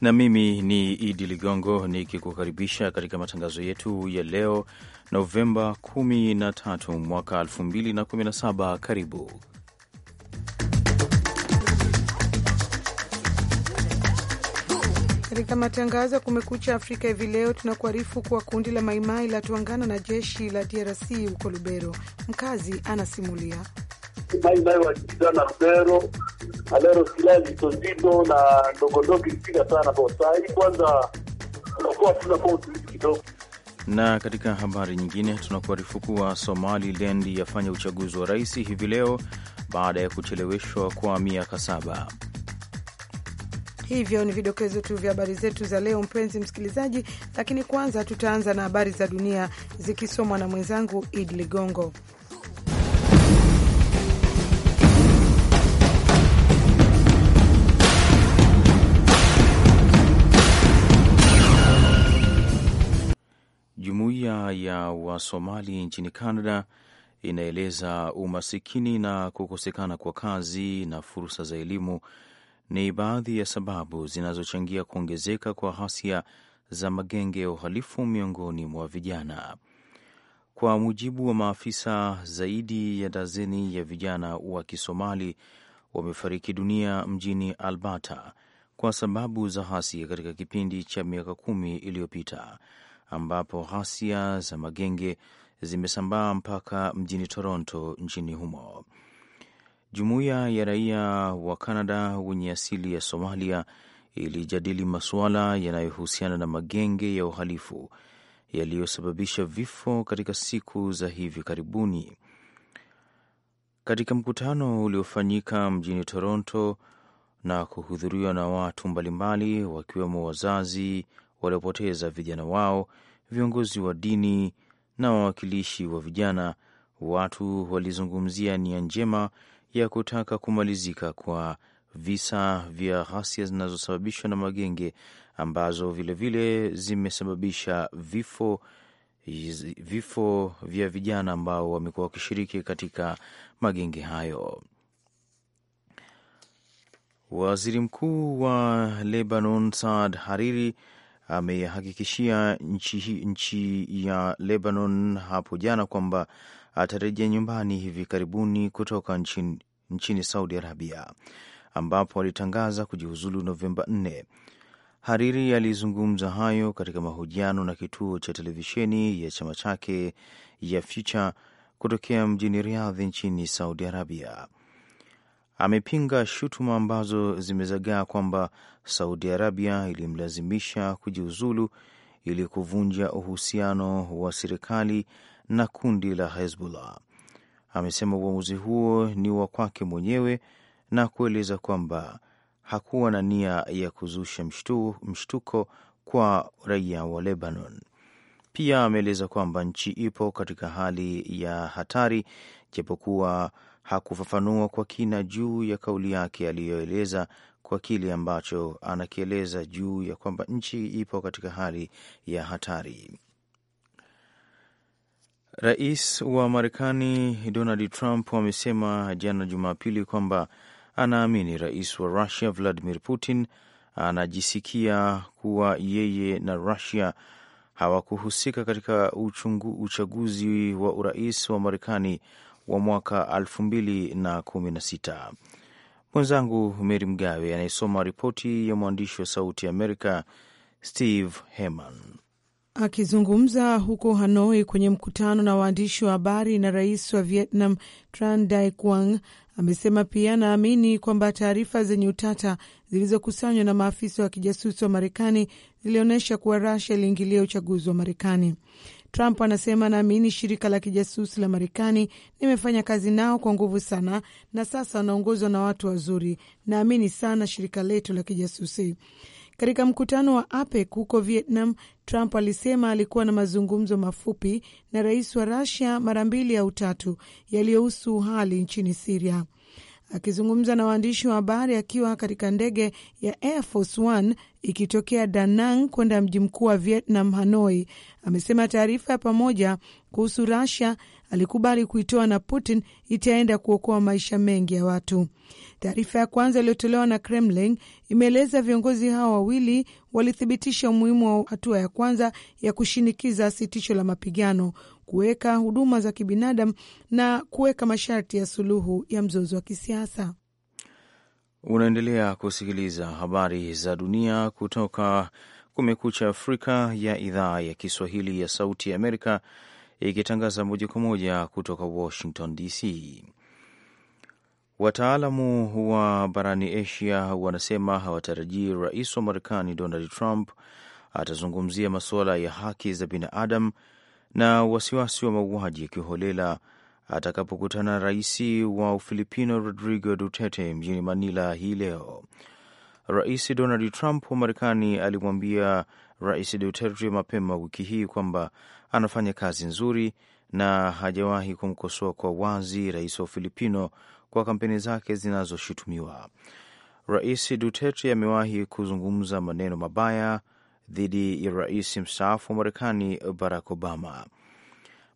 na mimi ni Idi Ligongo nikikukaribisha katika matangazo yetu ya leo Novemba 13 mwaka 2017. Karibu katika matangazo ya Kumekucha Afrika hivi leo. Tunakuarifu kuwa kundi la Maimai tuangana na jeshi la DRC huko Lubero. Mkazi anasimulia Maimai wa Lubero alero silaha zito na ndogondogo ilipiga sana bo. Saa hii kwanza tunakuwa tuna kidogo na katika habari nyingine tunakuarifu kuwa Somaliland yafanya uchaguzi wa rais hivi leo baada ya kucheleweshwa kwa miaka saba. Hivyo ni vidokezo tu vya habari zetu za leo, mpenzi msikilizaji, lakini kwanza tutaanza na habari za dunia zikisomwa na mwenzangu id Ligongo. ya Wasomali nchini Canada inaeleza umasikini na kukosekana kwa kazi na fursa za elimu ni baadhi ya sababu zinazochangia kuongezeka kwa ghasia za magenge ya uhalifu miongoni mwa vijana. Kwa mujibu wa maafisa, zaidi ya dazeni ya vijana wa Kisomali wamefariki dunia mjini Alberta kwa sababu za ghasia katika kipindi cha miaka kumi iliyopita ambapo ghasia za magenge zimesambaa mpaka mjini Toronto nchini humo. Jumuiya ya raia wa Kanada wenye asili ya Somalia ilijadili masuala yanayohusiana na magenge ya uhalifu yaliyosababisha vifo katika siku za hivi karibuni. Katika mkutano uliofanyika mjini Toronto na kuhudhuriwa na watu mbalimbali wakiwemo wazazi waliopoteza vijana wao, viongozi wa dini na wawakilishi wa vijana. Watu walizungumzia nia njema ya kutaka kumalizika kwa visa vya ghasia zinazosababishwa na magenge ambazo vilevile zimesababisha vifo vifo vya vijana ambao wamekuwa wakishiriki katika magenge hayo. Waziri Mkuu wa Lebanon Saad Hariri amehakikishia nchi, nchi ya Lebanon hapo jana kwamba atarejea nyumbani hivi karibuni kutoka nchini, nchini Saudi Arabia ambapo alitangaza kujiuzulu Novemba 4. Hariri alizungumza hayo katika mahojiano na kituo cha televisheni ya chama chake ya Future kutokea mjini Riadhi nchini Saudi Arabia amepinga shutuma ambazo zimezagaa kwamba Saudi Arabia ilimlazimisha kujiuzulu ili kuvunja uhusiano wa serikali na kundi la Hezbollah. Amesema uamuzi huo ni wa kwake mwenyewe na kueleza kwamba hakuwa na nia ya kuzusha mshtu, mshtuko kwa raia wa Lebanon. Pia ameeleza kwamba nchi ipo katika hali ya hatari, japokuwa hakufafanua kwa kina juu ya kauli yake aliyoeleza kwa kile ambacho anakieleza juu ya kwamba nchi ipo katika hali ya hatari. Rais wa Marekani Donald Trump amesema jana Jumapili kwamba anaamini rais wa Russia Vladimir Putin anajisikia kuwa yeye na rusia hawakuhusika katika uchungu, uchaguzi wa urais wa Marekani wa mwaka 2016. Mwenzangu Meri Mgawe anayesoma ripoti ya mwandishi wa Sauti ya Amerika Steve heman Akizungumza huko Hanoi kwenye mkutano na waandishi wa habari na rais wa Vietnam Tran Dai Quang amesema pia anaamini kwamba taarifa zenye utata zilizokusanywa na maafisa wa kijasusi wa Marekani zilionyesha kuwa rasha iliingilia uchaguzi wa Marekani. Trump anasema naamini shirika la kijasusi la Marekani, nimefanya kazi nao kwa nguvu sana, na sasa wanaongozwa na watu wazuri. Naamini sana shirika letu la kijasusi. Katika mkutano wa APEC huko Vietnam, Trump alisema alikuwa na mazungumzo mafupi na rais wa Rusia mara mbili au tatu yaliyohusu hali nchini Siria. Akizungumza na waandishi wa habari akiwa katika ndege ya Air Force One ikitokea Da Nang kwenda mji mkuu wa Vietnam, Hanoi, amesema taarifa ya pamoja kuhusu rasia alikubali kuitoa na Putin itaenda kuokoa maisha mengi ya watu. Taarifa ya kwanza iliyotolewa na Kremlin imeeleza viongozi hao wawili walithibitisha umuhimu wa hatua ya kwanza ya kushinikiza sitisho la mapigano, kuweka huduma za kibinadamu na kuweka masharti ya suluhu ya mzozo wa kisiasa. Unaendelea kusikiliza habari za dunia kutoka Kumekucha Afrika ya idhaa ya Kiswahili ya Sauti ya Amerika, ikitangaza moja kwa moja kutoka Washington DC. Wataalamu wa barani Asia wanasema hawatarajii rais wa Marekani Donald Trump atazungumzia masuala ya haki za binadamu na wasiwasi wa mauaji ya kiholela atakapokutana na rais wa Ufilipino Rodrigo Duterte mjini Manila hii leo. Rais Donald Trump wa Marekani alimwambia Rais Duterte mapema wiki hii kwamba anafanya kazi nzuri na hajawahi kumkosoa kwa wazi rais wa Ufilipino kwa kampeni zake zinazoshutumiwa. Rais Duterte amewahi kuzungumza maneno mabaya dhidi ya rais mstaafu wa Marekani Barack Obama.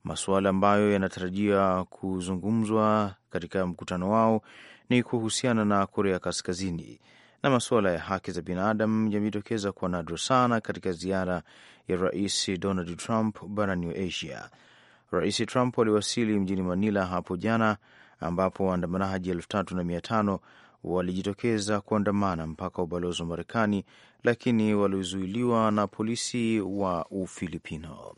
Masuala ambayo yanatarajia kuzungumzwa katika mkutano wao ni kuhusiana na Korea Kaskazini na masuala ya haki za binadamu yamejitokeza kwa nadra sana katika ziara ya rais Donald Trump barani Asia. Rais Trump aliwasili mjini Manila hapo jana ambapo waandamanaji elfu tatu na mia tano walijitokeza kuandamana mpaka ubalozi wa Marekani, lakini walizuiliwa na polisi wa Ufilipino.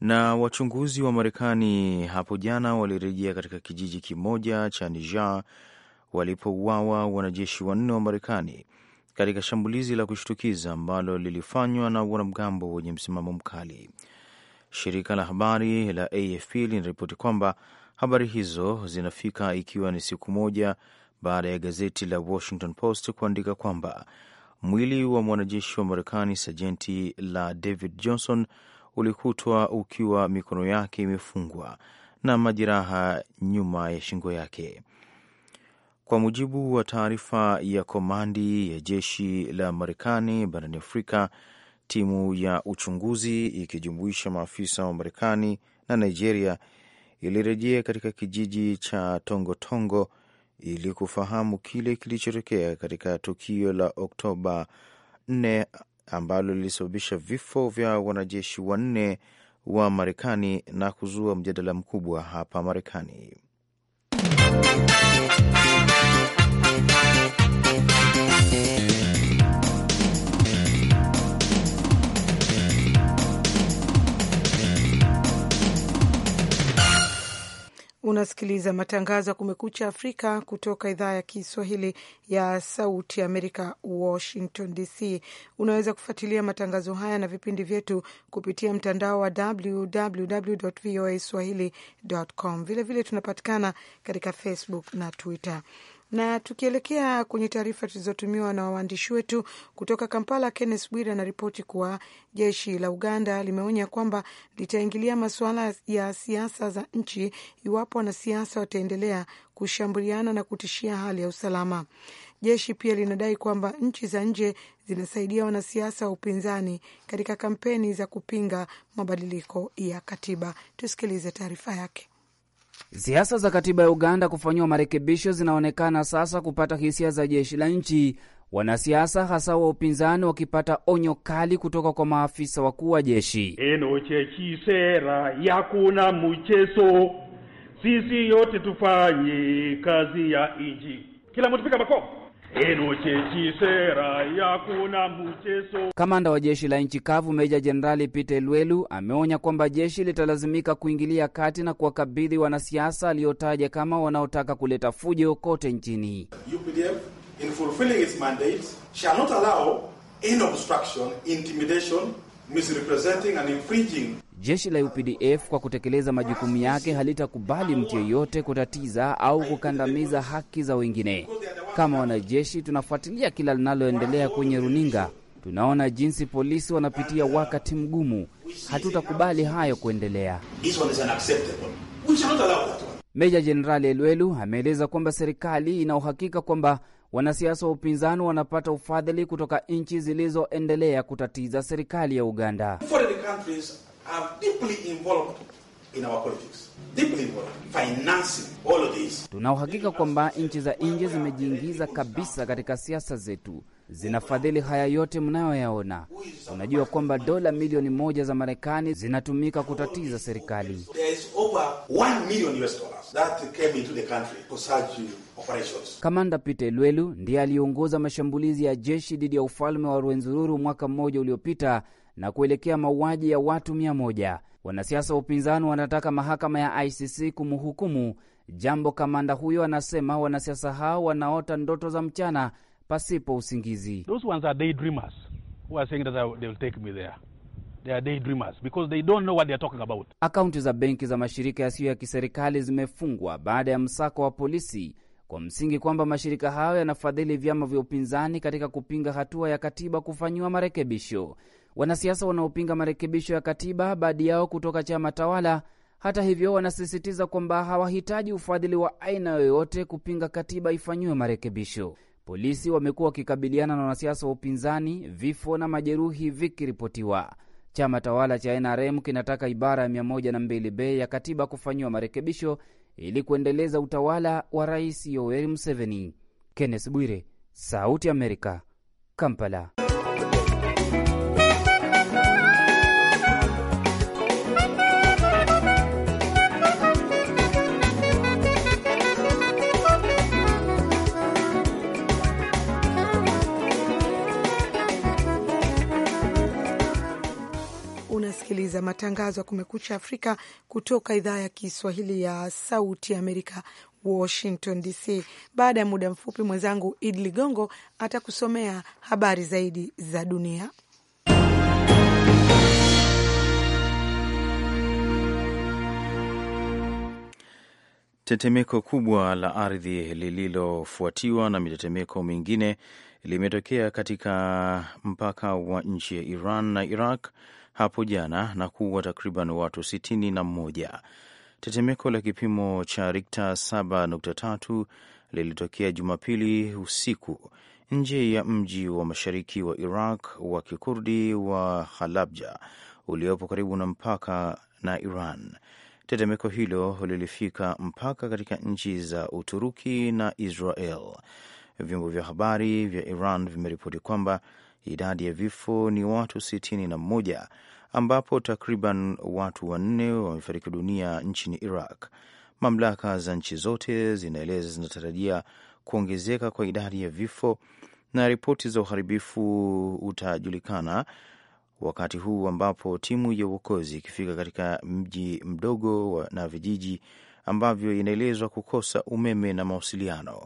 Na wachunguzi wa Marekani hapo jana walirejea katika kijiji kimoja cha Niger walipouawa wanajeshi wanne wa Marekani katika shambulizi la kushtukiza ambalo lilifanywa na wanamgambo wenye msimamo mkali. Shirika la habari la AFP linaripoti kwamba Habari hizo zinafika ikiwa ni siku moja baada ya gazeti la Washington Post kuandika kwamba mwili wa mwanajeshi wa Marekani sajenti la David Johnson ulikutwa ukiwa mikono yake imefungwa na majeraha nyuma ya shingo yake. Kwa mujibu wa taarifa ya komandi ya jeshi la Marekani barani Afrika, timu ya uchunguzi ikijumuisha maafisa wa Marekani na Nigeria ilirejea katika kijiji cha Tongotongo ili kufahamu kile kilichotokea katika tukio la Oktoba 4 ambalo lilisababisha vifo vya wanajeshi wanne wa Marekani na kuzua mjadala mkubwa hapa Marekani. Unasikiliza matangazo ya Kumekucha Afrika kutoka idhaa ya Kiswahili ya Sauti Amerika, Washington DC. Unaweza kufuatilia matangazo haya na vipindi vyetu kupitia mtandao wa www voa swahili com. Vilevile tunapatikana katika Facebook na Twitter. Na tukielekea kwenye taarifa tulizotumiwa na waandishi wetu kutoka Kampala, Kenneth Bwire anaripoti kuwa jeshi la Uganda limeonya kwamba litaingilia masuala ya siasa za nchi iwapo wanasiasa wataendelea kushambuliana na kutishia hali ya usalama. Jeshi pia linadai kwamba nchi za nje zinasaidia wanasiasa wa upinzani katika kampeni za kupinga mabadiliko ya katiba. Tusikilize taarifa yake. Siasa za katiba ya Uganda kufanyiwa marekebisho zinaonekana sasa kupata hisia za jeshi la nchi, wanasiasa hasa wa upinzani wakipata onyo kali kutoka kwa maafisa wakuu wa jeshi. enochechisera yakuna mcheso, sisi yote tufanye kazi ya nchi, kila mtu pika makopo Kamanda wa jeshi la nchi kavu Meja Jenerali Peter Lwelu ameonya kwamba jeshi litalazimika kuingilia kati na kuwakabidhi wanasiasa aliyotaja kama wanaotaka kuleta fujo kote nchini. UPDF in fulfilling its mandate shall not allow any obstruction, intimidation, misrepresenting and infringing Jeshi la UPDF kwa kutekeleza majukumu yake halitakubali mtu yeyote kutatiza au kukandamiza haki za wengine. Kama wanajeshi, tunafuatilia kila linaloendelea kwenye runinga, tunaona jinsi polisi wanapitia wakati mgumu. Hatutakubali hayo kuendelea. Meja Jenerali Elwelu ameeleza kwamba serikali ina uhakika kwamba wanasiasa wa upinzani wanapata ufadhili kutoka nchi zilizoendelea kutatiza serikali ya Uganda are deeply involved in our politics. Deeply involved. Financing all of this. Tuna uhakika kwamba nchi za nje zimejiingiza kabisa katika siasa zetu, zinafadhili haya yote mnayoyaona. Unajua kwamba dola milioni moja za Marekani zinatumika kutatiza serikali. Kamanda Peter Lwelu ndiye aliongoza mashambulizi ya jeshi dhidi ya ufalme wa Rwenzururu mwaka mmoja uliopita na kuelekea mauaji ya watu mia moja. Wanasiasa wa upinzani wanataka mahakama ya ICC kumhukumu jambo. Kamanda huyo anasema wanasiasa hao wanaota ndoto za mchana pasipo usingizi. Those ones are daydreamers who are saying that they will take me there. They are daydreamers because they don't know what they are talking about. Akaunti za benki za mashirika yasiyo ya kiserikali zimefungwa baada ya msako wa polisi kwa msingi kwamba mashirika hayo yanafadhili vyama vya upinzani katika kupinga hatua ya katiba kufanyiwa marekebisho. Wanasiasa wanaopinga marekebisho ya katiba, baadhi yao kutoka chama tawala, hata hivyo, wanasisitiza kwamba hawahitaji ufadhili wa aina yoyote kupinga katiba ifanyiwe marekebisho. Polisi wamekuwa wakikabiliana na wanasiasa wa upinzani, vifo na majeruhi vikiripotiwa. Chama tawala cha NRM kinataka ibara ya 102b ya katiba kufanyiwa marekebisho ili kuendeleza utawala wa Rais Yoweri Museveni. Kenneth Bwire, Sauti ya Amerika, Kampala. kusikiliza matangazo ya Kumekucha Afrika kutoka idhaa ya Kiswahili ya Sauti Amerika, Washington DC. Baada ya muda mfupi, mwenzangu Id Ligongo atakusomea habari zaidi za dunia. Tetemeko kubwa la ardhi lililofuatiwa na mitetemeko mingine limetokea katika mpaka wa nchi ya Iran na Iraq hapo jana na kuua takriban watu sitini na mmoja. Tetemeko la kipimo cha Rikta 7.3 lilitokea Jumapili usiku nje ya mji wa mashariki wa Iraq wa kikurdi wa Halabja uliopo karibu na mpaka na Iran. Tetemeko hilo lilifika mpaka katika nchi za Uturuki na Israel. Vyombo vya habari vya Iran vimeripoti kwamba idadi ya vifo ni watu 61 ambapo takriban watu wanne wamefariki dunia nchini Iraq. Mamlaka za nchi zote zinaeleza zinatarajia kuongezeka kwa idadi ya vifo na ripoti za uharibifu utajulikana wakati huu ambapo timu ya uokozi ikifika katika mji mdogo na vijiji ambavyo inaelezwa kukosa umeme na mawasiliano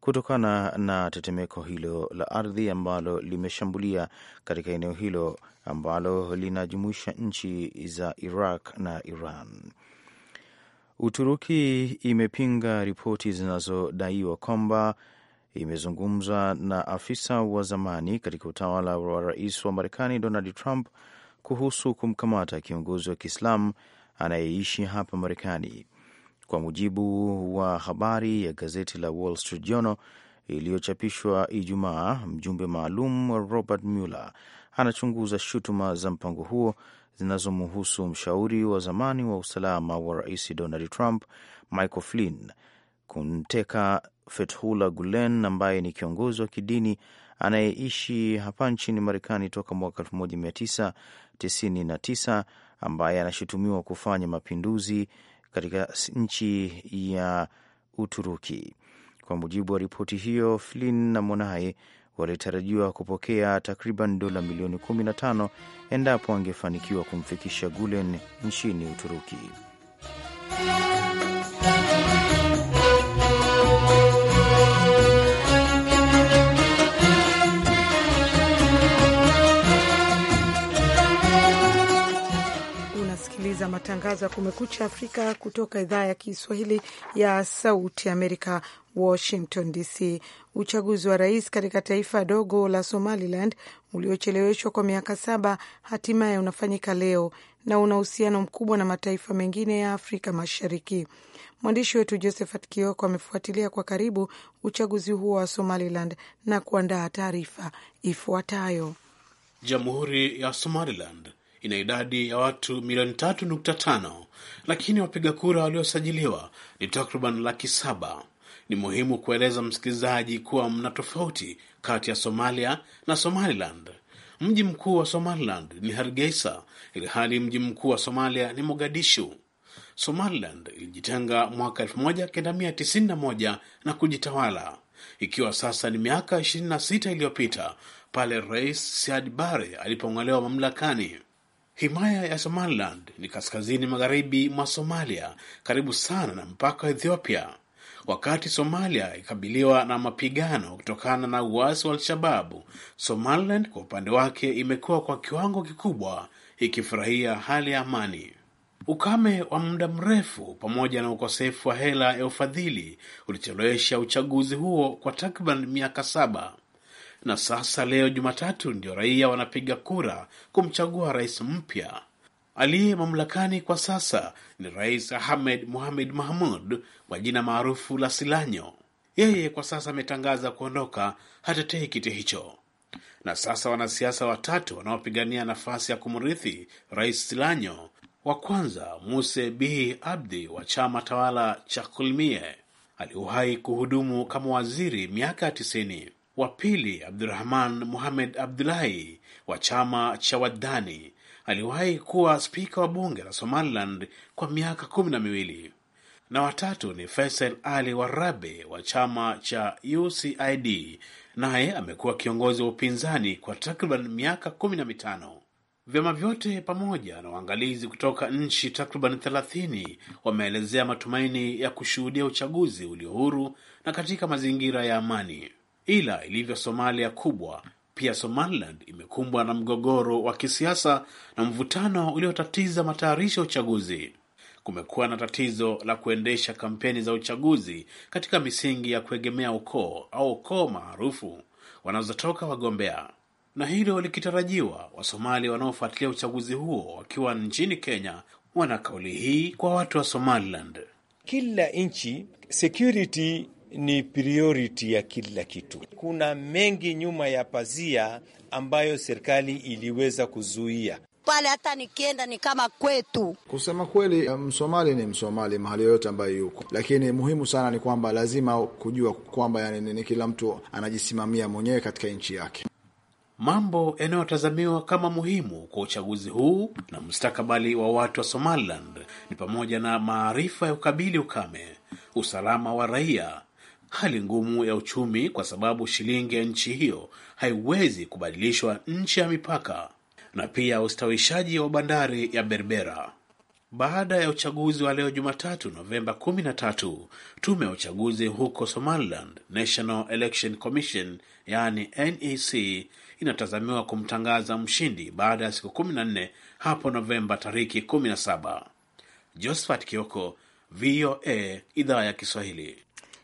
kutokana na tetemeko hilo la ardhi ambalo limeshambulia katika eneo hilo ambalo linajumuisha nchi za Iraq na Iran. Uturuki imepinga ripoti zinazodaiwa kwamba imezungumza na afisa wa zamani katika utawala wa rais wa Marekani Donald Trump kuhusu kumkamata kiongozi wa Kiislamu anayeishi hapa Marekani kwa mujibu wa habari ya gazeti la Wall Street Journal iliyochapishwa Ijumaa, mjumbe maalum wa Robert Mueller anachunguza shutuma za mpango huo zinazomhusu mshauri wa zamani wa usalama wa rais Donald Trump, Michael Flynn, kumteka Fethullah Gulen ambaye ni kiongozi wa kidini anayeishi hapa nchini Marekani toka mwaka 1999 ambaye anashutumiwa kufanya mapinduzi katika nchi ya Uturuki. Kwa mujibu wa ripoti hiyo, Flynn na mwanaye walitarajiwa kupokea takriban dola milioni 15 endapo angefanikiwa kumfikisha Gulen nchini Uturuki. kusikiliza matangazo ya Kumekucha Afrika kutoka idhaa ya Kiswahili ya Sauti Amerika, Washington DC. Uchaguzi wa rais katika taifa dogo la Somaliland uliocheleweshwa kwa miaka saba hatimaye unafanyika leo na una uhusiano mkubwa na mataifa mengine ya Afrika Mashariki. Mwandishi wetu Josephat Kioko amefuatilia kwa karibu uchaguzi huo wa Somaliland na kuandaa taarifa ifuatayo. Jamhuri ya Somaliland ina idadi ya watu milioni 3.5 lakini wapiga kura waliosajiliwa ni takriban laki saba. Ni muhimu kueleza msikilizaji kuwa mna tofauti kati ya Somalia na Somaliland. Mji mkuu wa Somaliland ni Hargeisa, ilhali mji mkuu wa Somalia ni Mogadishu. Somaliland ilijitenga mwaka 1991 na kujitawala, ikiwa sasa ni miaka 26 iliyopita pale Rais Siad Barre alipong'olewa mamlakani. Himaya ya Somaliland ni kaskazini magharibi mwa Somalia, karibu sana na mpaka wa Ethiopia. Wakati Somalia ikabiliwa na mapigano kutokana na uasi wa Al-Shababu, Somaliland kwa upande wake imekuwa kwa kiwango kikubwa ikifurahia hali ya amani. Ukame wa muda mrefu pamoja na ukosefu wa hela ya ufadhili ulichelewesha uchaguzi huo kwa takriban miaka saba na sasa leo Jumatatu ndio raia wanapiga kura kumchagua rais mpya. Aliye mamlakani kwa sasa ni Rais Ahmed Mohamed Mahmud kwa jina maarufu la Silanyo. Yeye kwa sasa ametangaza kuondoka, hatetei kiti hicho, na sasa wanasiasa watatu wanaopigania nafasi ya kumrithi Rais Silanyo, wa kwanza Muse Bihi Abdi wa chama tawala cha Kulmie, aliwahi kuhudumu kama waziri miaka 90 wa pili Abdurahman Muhamed Abdulahi wa chama cha wadhani aliwahi kuwa spika wa bunge la Somaliland kwa miaka kumi na miwili na watatu ni Faisal Ali Warabe wa chama cha UCID, naye amekuwa kiongozi wa upinzani kwa takriban miaka kumi na mitano. Vyama vyote pamoja na waangalizi kutoka nchi takriban thelathini wameelezea matumaini ya kushuhudia uchaguzi ulio huru na katika mazingira ya amani. Ila ilivyo Somalia kubwa, pia Somaliland imekumbwa na mgogoro wa kisiasa na mvutano uliotatiza matayarisho ya uchaguzi. Kumekuwa na tatizo la kuendesha kampeni za uchaguzi katika misingi ya kuegemea ukoo au ukoo maarufu wanazotoka wagombea, na hilo likitarajiwa, wasomali wanaofuatilia uchaguzi huo wakiwa nchini Kenya wana kauli hii kwa watu wa Somaliland. Kila nchi security ni priority ya kila kitu. Kuna mengi nyuma ya pazia ambayo serikali iliweza kuzuia pale, hata nikienda ni kama kwetu. Kusema kweli, um, Msomali ni Msomali mahali yoyote ambayo yuko, lakini muhimu sana ni kwamba lazima kujua kwamba yani, ni kila mtu anajisimamia mwenyewe katika nchi yake. Mambo yanayotazamiwa kama muhimu kwa uchaguzi huu na mustakabali wa watu wa Somaliland ni pamoja na maarifa ya ukabili ukame, usalama wa raia hali ngumu ya uchumi kwa sababu shilingi ya nchi hiyo haiwezi kubadilishwa nchi ya mipaka na pia ustawishaji wa bandari ya Berbera. Baada ya uchaguzi wa leo Jumatatu Novemba 13, tume ya uchaguzi huko Somaliland, National Election Commission yani NEC, inatazamiwa kumtangaza mshindi baada ya siku 14 hapo Novemba tariki 17. Josephat Kioko, VOA, idhaa ya Kiswahili.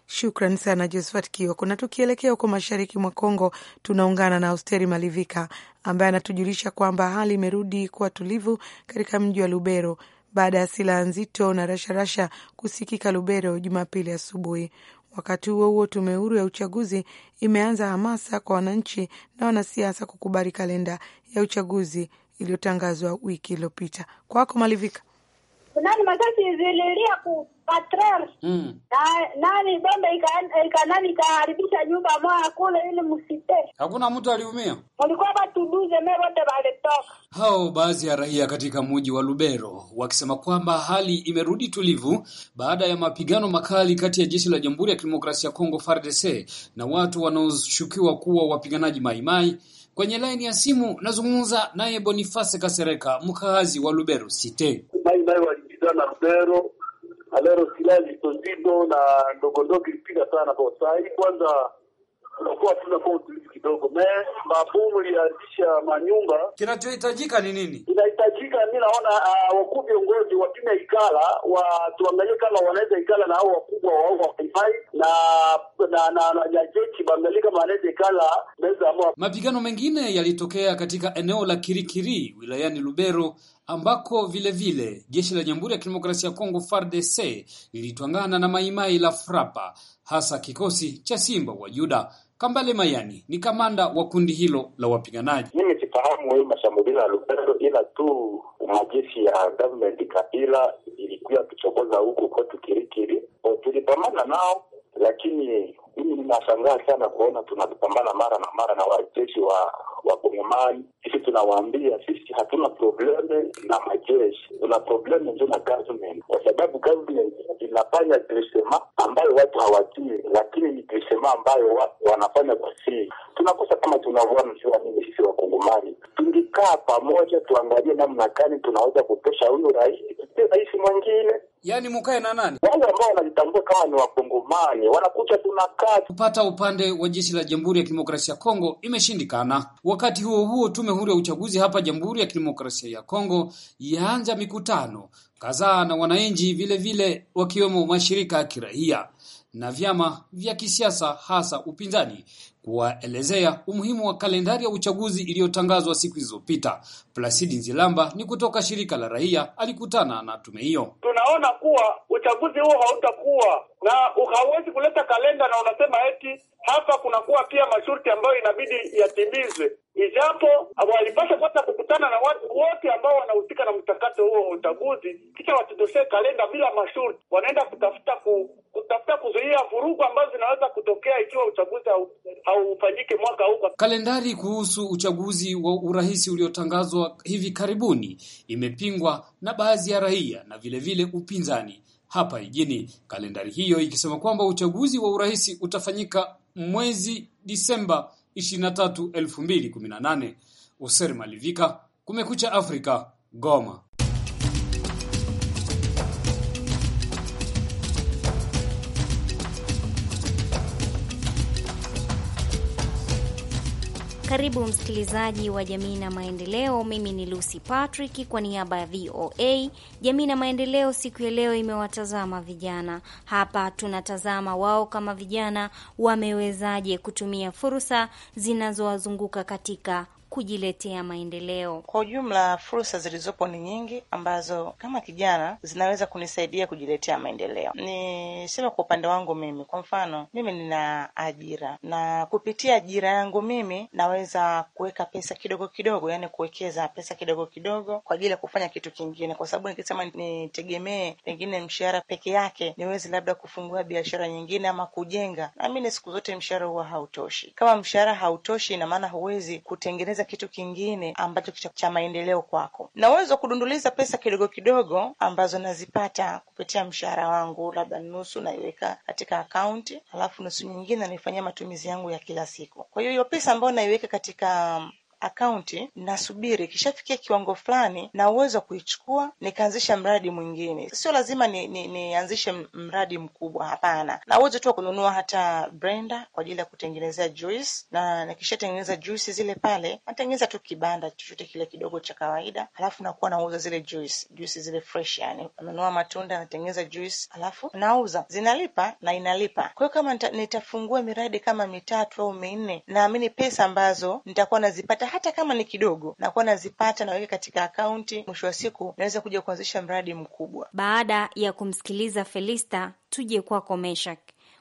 Shukran sana Josephat Kioko. Na tukielekea huko mashariki mwa Kongo, tunaungana na Austeri Malivika ambaye anatujulisha kwamba hali imerudi kuwa tulivu katika mji wa Lubero baada ya silaha nzito na rasharasha rasha kusikika Lubero Jumapili asubuhi. Wakati huo huo, tume huru ya uchaguzi imeanza hamasa kwa wananchi na wanasiasa kukubali kalenda ya uchaguzi iliyotangazwa wiki iliyopita. Kwako Malivika nani masasi zililia ku patrol mm. na nani bombe ika nani ikaharibisha nyumba moja kule, ili msite. Hakuna mtu aliumia, walikuwa watu duze mimi wote walitoka. Hao baadhi ya raia katika mji wa Lubero wakisema kwamba hali imerudi tulivu baada ya mapigano makali kati ya jeshi la Jamhuri ya Kidemokrasia ya Kongo FARDC na watu wanaoshukiwa kuwa wapiganaji maimai. Kwenye laini ya simu nazungumza naye Boniface Kasereka, mkaazi wa Lubero Cité jana Lubero, Alero Silali Tondido na ndogo ndogo ilipiga sana kwa saa Kwanza tunakuwa tuna conflict kidogo, me mabomu ilianzisha manyumba. Kinachohitajika ni nini? Inahitajika mimi naona uh, wakuu viongozi wapime ikala, watuangalie kama wanaweza ikala na hao wakubwa wao wa wifi na na na, na, na jeshi baangalie kama wanaweza ikala meza. Mapigano mengine yalitokea katika eneo la Kirikiri wilayani Lubero ambako vilevile jeshi la Jamhuri ya Kidemokrasia ya Kongo FARDC lilitwangana na Maimai la Frapa, hasa kikosi cha Simba wa Yuda. Kambale Mayani ni kamanda wa kundi hilo la wapiganaji. Mimi sifahamu hiyo mashambulizi ya Lubero, ila tu majeshi ya government Kabila ilikuwa tuchokoza huko kwetu Kirikiri, tulipambana nao, lakini mimi ninashangaa sana kuona tunapambana mara na mara na wajeshi wa wakongomani. Sisi tunawaambia sisi hatuna probleme na majeshi, tuna probleme ndio na government, kwa sababu government inafanya grisema ambayo watu hawatii, lakini ni grisema ambayo wanafanya kwa siri tunakosa kama tunavua mziwa. Mimi sisi Wakongomani tungekaa pamoja, tuangalie namna gani tunaweza kutosha huyu rais, rais mwingine yaani mukae na nani, wale ambao wanajitambua kama ni Wakongomani wanakucha tunakaa kupata upande wa jeshi la Jamhuri ya Kidemokrasia ya Kongo imeshindikana. Wakati huo huo, tume huru ya uchaguzi hapa Jamhuri ya Kidemokrasia ya Kongo yaanza mikutano kadhaa na wananchi vile vile, wakiwemo mashirika ya kiraia na vyama vya kisiasa hasa upinzani kuwaelezea umuhimu wa kalendari ya uchaguzi iliyotangazwa siku zilizopita. Plasidi Nzilamba ni kutoka shirika la raia, alikutana na tume hiyo. Tunaona kuwa uchaguzi huo hautakuwa na hauwezi kuleta kalenda, na unasema eti hapa kunakuwa pia masharti ambayo inabidi yatimizwe, ijapo walipasha kwanza kukutana na watu wote ambao wanahusika na mchakato huo wa uchaguzi, kisha watotoshee kalenda bila masharti. Wanaenda kutafuta ku, kutafuta kuzuia vurugu ambazo zinaweza kutokea ikiwa uchaguzi hau haufanyike mwaka huu. Kalendari kuhusu uchaguzi wa urais uliotangazwa hivi karibuni imepingwa na baadhi ya raia na vilevile vile upinzani hapa jijini, kalendari hiyo ikisema kwamba uchaguzi wa urais utafanyika mwezi Disemba 23, 2018. Oser Malivika, Kumekucha Afrika, Goma. Karibu msikilizaji wa Jamii na Maendeleo. Mimi ni Lucy Patrick kwa niaba ya VOA Jamii na Maendeleo. Siku ya leo imewatazama vijana. Hapa tunatazama wao kama vijana wamewezaje kutumia fursa zinazowazunguka katika kujiletea maendeleo. Kwa ujumla, fursa zilizopo ni nyingi ambazo kama kijana zinaweza kunisaidia kujiletea maendeleo. niseme kwa upande wangu mimi, kwa mfano mimi nina ajira na kupitia ajira yangu mimi naweza kuweka pesa kidogo kidogo, yani kuwekeza pesa kidogo kidogo kwa ajili ya kufanya kitu kingine, kwa sababu nikisema nitegemee pengine mshahara peke yake, niwezi labda kufungua biashara nyingine ama kujenga, naamini siku zote mshahara huwa hautoshi. Kama mshahara hautoshi, ina maana huwezi kutengeneza kitu kingine ambacho cha maendeleo kwako. Na uwezo wa kudunduliza pesa kidogo kidogo ambazo nazipata kupitia mshahara wangu, labda nusu naiweka katika akaunti, alafu nusu nyingine naifanyia matumizi yangu ya kila siku. Kwa hiyo hiyo pesa ambayo naiweka katika akaunti nasubiri, kishafikia kiwango fulani na uwezo wa kuichukua nikaanzisha mradi mwingine. Sio lazima nianzishe ni, ni mradi mkubwa, hapana. Na uwezo tu wa kununua hata blender kwa ajili ya kutengenezea juice, na nikishatengeneza juice zile pale natengeneza tu kibanda chochote kile kidogo cha kawaida, alafu nakuwa nauza zile juice, juice zile fresh, yani nanunua matunda natengeneza juice halafu nauza, zinalipa na inalipa. Kwa hiyo kama nita, nitafungua miradi kama mitatu au minne, naamini pesa ambazo nitakuwa nazipata hata kama ni kidogo, nakuwa nazipata, naweka katika akaunti, mwisho wa siku naweza kuja kuanzisha mradi mkubwa. Baada ya kumsikiliza Felista, tuje kwako Meshak.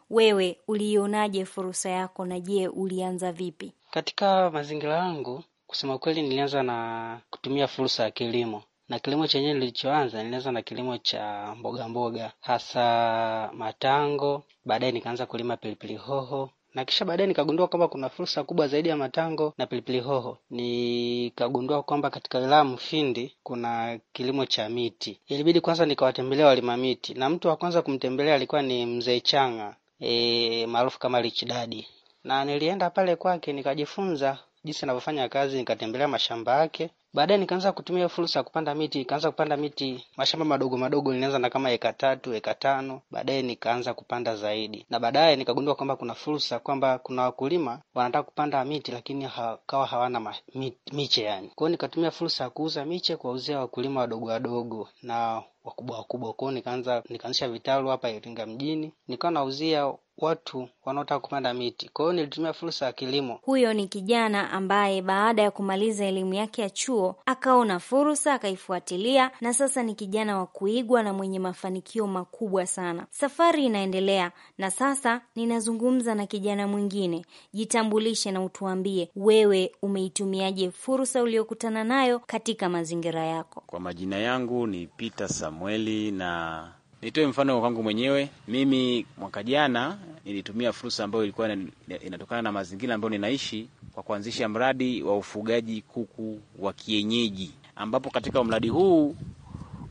Wewe uliionaje fursa yako na je, ulianza vipi? Katika mazingira yangu, kusema kweli, nilianza na kutumia fursa ya kilimo na kilimo chenyewe nilichoanza, nilianza na kilimo cha mboga mboga, hasa matango. Baadaye nikaanza kulima pilipili hoho, na kisha baadaye nikagundua kwamba kuna fursa kubwa zaidi ya matango na pilipili hoho. Nikagundua kwamba katika wilaya Mfindi kuna kilimo cha miti. Ilibidi kwanza nikawatembelea walima miti, na mtu wa kwanza kumtembelea alikuwa ni mzee Changa e, maarufu kama Rich na nilienda pale kwake nikajifunza jinsi anavyofanya kazi, nikatembelea mashamba yake Baadaye nikaanza kutumia fursa ya kupanda miti, nikaanza kupanda miti mashamba madogo madogo, nilianza na kama eka tatu, eka tano, baadaye nikaanza kupanda zaidi. Na baadaye nikagundua kwamba kuna fursa kwamba kuna wakulima wanataka kupanda miti lakini hakawa hawana ma, mi, miche yani. Kwa hiyo nikatumia fursa ya kuuza miche kuwauzia wakulima wadogo wadogo na wakubwa wakubwa kwao, nikaanza nikaanzisha vitalu hapa Iringa mjini, nikawa nauzia watu wanaotaka kupanda miti. Kwa hiyo nilitumia fursa ya kilimo. Huyo ni kijana ambaye baada ya kumaliza elimu yake ya chuo akaona fursa akaifuatilia, na sasa ni kijana wa kuigwa na mwenye mafanikio makubwa sana. Safari inaendelea, na sasa ninazungumza na kijana mwingine. Jitambulishe na utuambie wewe umeitumiaje fursa uliokutana nayo katika mazingira yako. Kwa majina yangu ni Peter Samueli na Nitoe mfano kwangu mwenyewe. Mimi mwaka jana nilitumia fursa ambayo ilikuwa inatokana na mazingira ambayo ninaishi kwa kuanzisha mradi wa ufugaji kuku wa kienyeji, ambapo katika mradi huu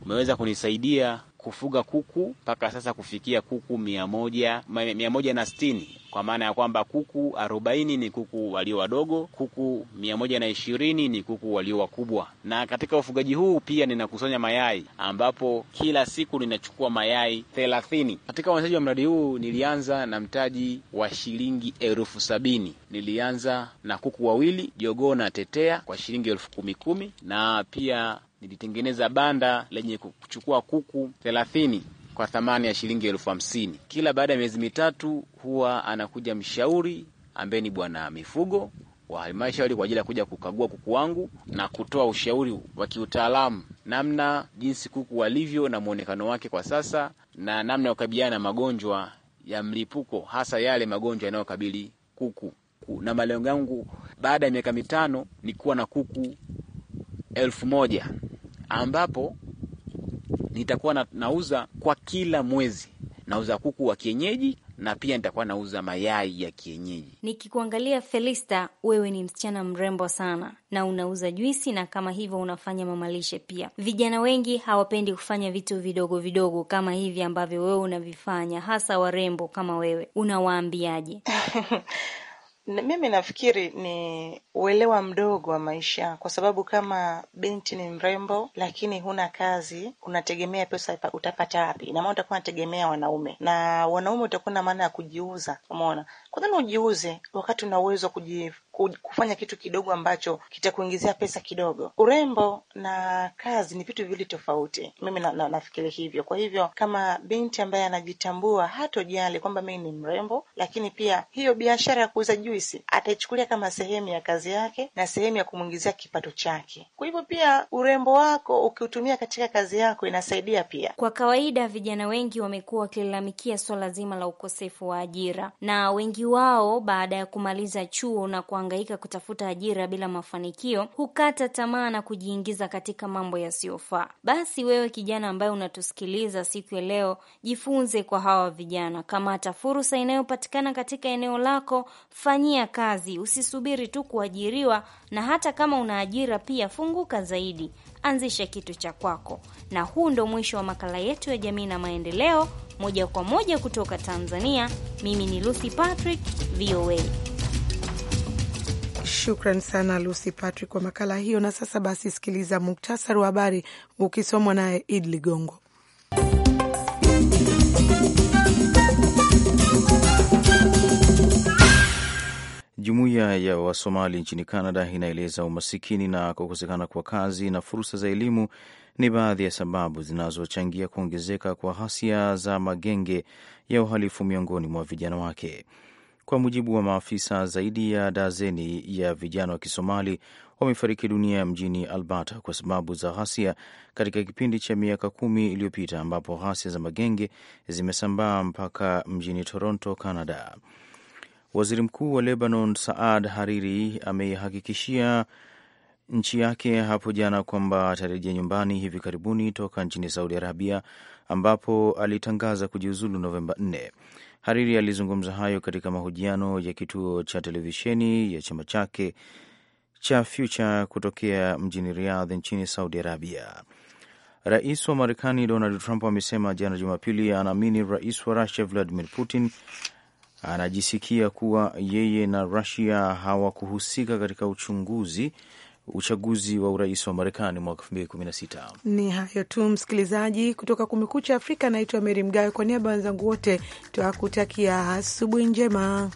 umeweza kunisaidia kufuga kuku mpaka sasa kufikia kuku mia moja, mia moja na sitini kwa maana ya kwamba kuku arobaini ni kuku walio wadogo, kuku mia moja na ishirini ni kuku walio wakubwa. Na katika ufugaji huu pia ninakusanya mayai ambapo kila siku ninachukua mayai thelathini. Katika uanzaji wa mradi huu nilianza na mtaji wa shilingi elfu sabini. Nilianza na kuku wawili jogoo na tetea kwa shilingi elfu kumi kumi, na pia nilitengeneza banda lenye kuchukua kuku thelathini kwa thamani ya shilingi elfu hamsini. Kila baada ya miezi mitatu huwa anakuja mshauri ambaye ni bwana mifugo wa halmashauri kwa ajili ya kuja kukagua kuku wangu na kutoa ushauri wa kiutaalamu, namna jinsi kuku walivyo na mwonekano wake kwa sasa, na namna ya kukabiliana na magonjwa ya mlipuko, hasa yale magonjwa yanayokabili kuku. Na malengo yangu baada ya miaka mitano ni kuwa na kuku elfu moja ambapo nitakuwa na, nauza kwa kila mwezi nauza kuku wa kienyeji na pia nitakuwa nauza mayai ya kienyeji. Nikikuangalia Felista, wewe ni msichana mrembo sana na unauza juisi na kama hivyo unafanya mamalishe pia. Vijana wengi hawapendi kufanya vitu vidogo vidogo kama hivi ambavyo wewe unavifanya, hasa warembo kama wewe, unawaambiaje? Mimi nafikiri ni uelewa mdogo wa maisha, kwa sababu kama binti ni mrembo lakini huna kazi, unategemea pesa utapata wapi? Ina maana utakuwa unategemea wanaume, na wanaume utakuwa na maana ya kujiuza. Umeona, kwanza ujiuze wakati una uwezo kuji kufanya kitu kidogo ambacho kitakuingizia pesa kidogo. Urembo na kazi ni vitu viwili tofauti, mimi na, na, nafikiri hivyo. Kwa hivyo kama binti ambaye anajitambua, hatojali kwamba mimi ni mrembo, lakini pia hiyo biashara ya kuuza juisi ataichukulia kama sehemu ya kazi kazi yake na sehemu ya kumwingizia kipato chake. Kwa hivyo pia urembo wako ukiutumia katika kazi yako inasaidia pia. Kwa kawaida vijana wengi wamekuwa wakilalamikia swala zima la ukosefu wa ajira, na wengi wao baada ya kumaliza chuo na kuangaika kutafuta ajira bila mafanikio hukata tamaa na kujiingiza katika mambo yasiyofaa. Basi wewe kijana ambaye unatusikiliza siku ya leo, jifunze kwa hawa vijana, kamata fursa inayopatikana katika eneo lako, fanyia kazi, usisubiri tu kuajiri kuajiriwa, na hata kama una ajira pia funguka zaidi, anzisha kitu cha kwako. Na huu ndo mwisho wa makala yetu ya jamii na maendeleo, moja kwa moja kutoka Tanzania. Mimi ni Lucy Patrick, VOA. Shukran sana Lucy Patrick kwa makala hiyo. Na sasa basi, sikiliza muktasari wa habari ukisomwa naye Id Ligongo. Jumuiya ya Wasomali nchini Canada inaeleza umasikini na kukosekana kwa kazi na fursa za elimu ni baadhi ya sababu zinazochangia kuongezeka kwa ghasia za magenge ya uhalifu miongoni mwa vijana wake. Kwa mujibu wa maafisa, zaidi ya dazeni ya vijana wa Kisomali wamefariki dunia mjini Alberta kwa sababu za ghasia katika kipindi cha miaka kumi iliyopita, ambapo ghasia za magenge zimesambaa mpaka mjini Toronto, Canada. Waziri Mkuu wa Lebanon Saad Hariri ameihakikishia nchi yake hapo jana kwamba atarejea nyumbani hivi karibuni toka nchini Saudi Arabia ambapo alitangaza kujiuzulu Novemba 4. Hariri alizungumza hayo katika mahojiano ya kituo cha televisheni ya chama chake cha Future kutokea mjini Riyadh nchini Saudi Arabia. Rais wa Marekani Donald Trump amesema jana Jumapili anaamini rais wa Rusia Vladimir Putin anajisikia kuwa yeye na Rusia hawakuhusika katika uchunguzi uchaguzi wa urais wa Marekani mwaka elfu mbili kumi na sita. Ni hayo tu, msikilizaji, kutoka Kumekucha Afrika. anaitwa Meri Mgawe, kwa niaba ya wenzangu wote twakutakia asubuhi njema.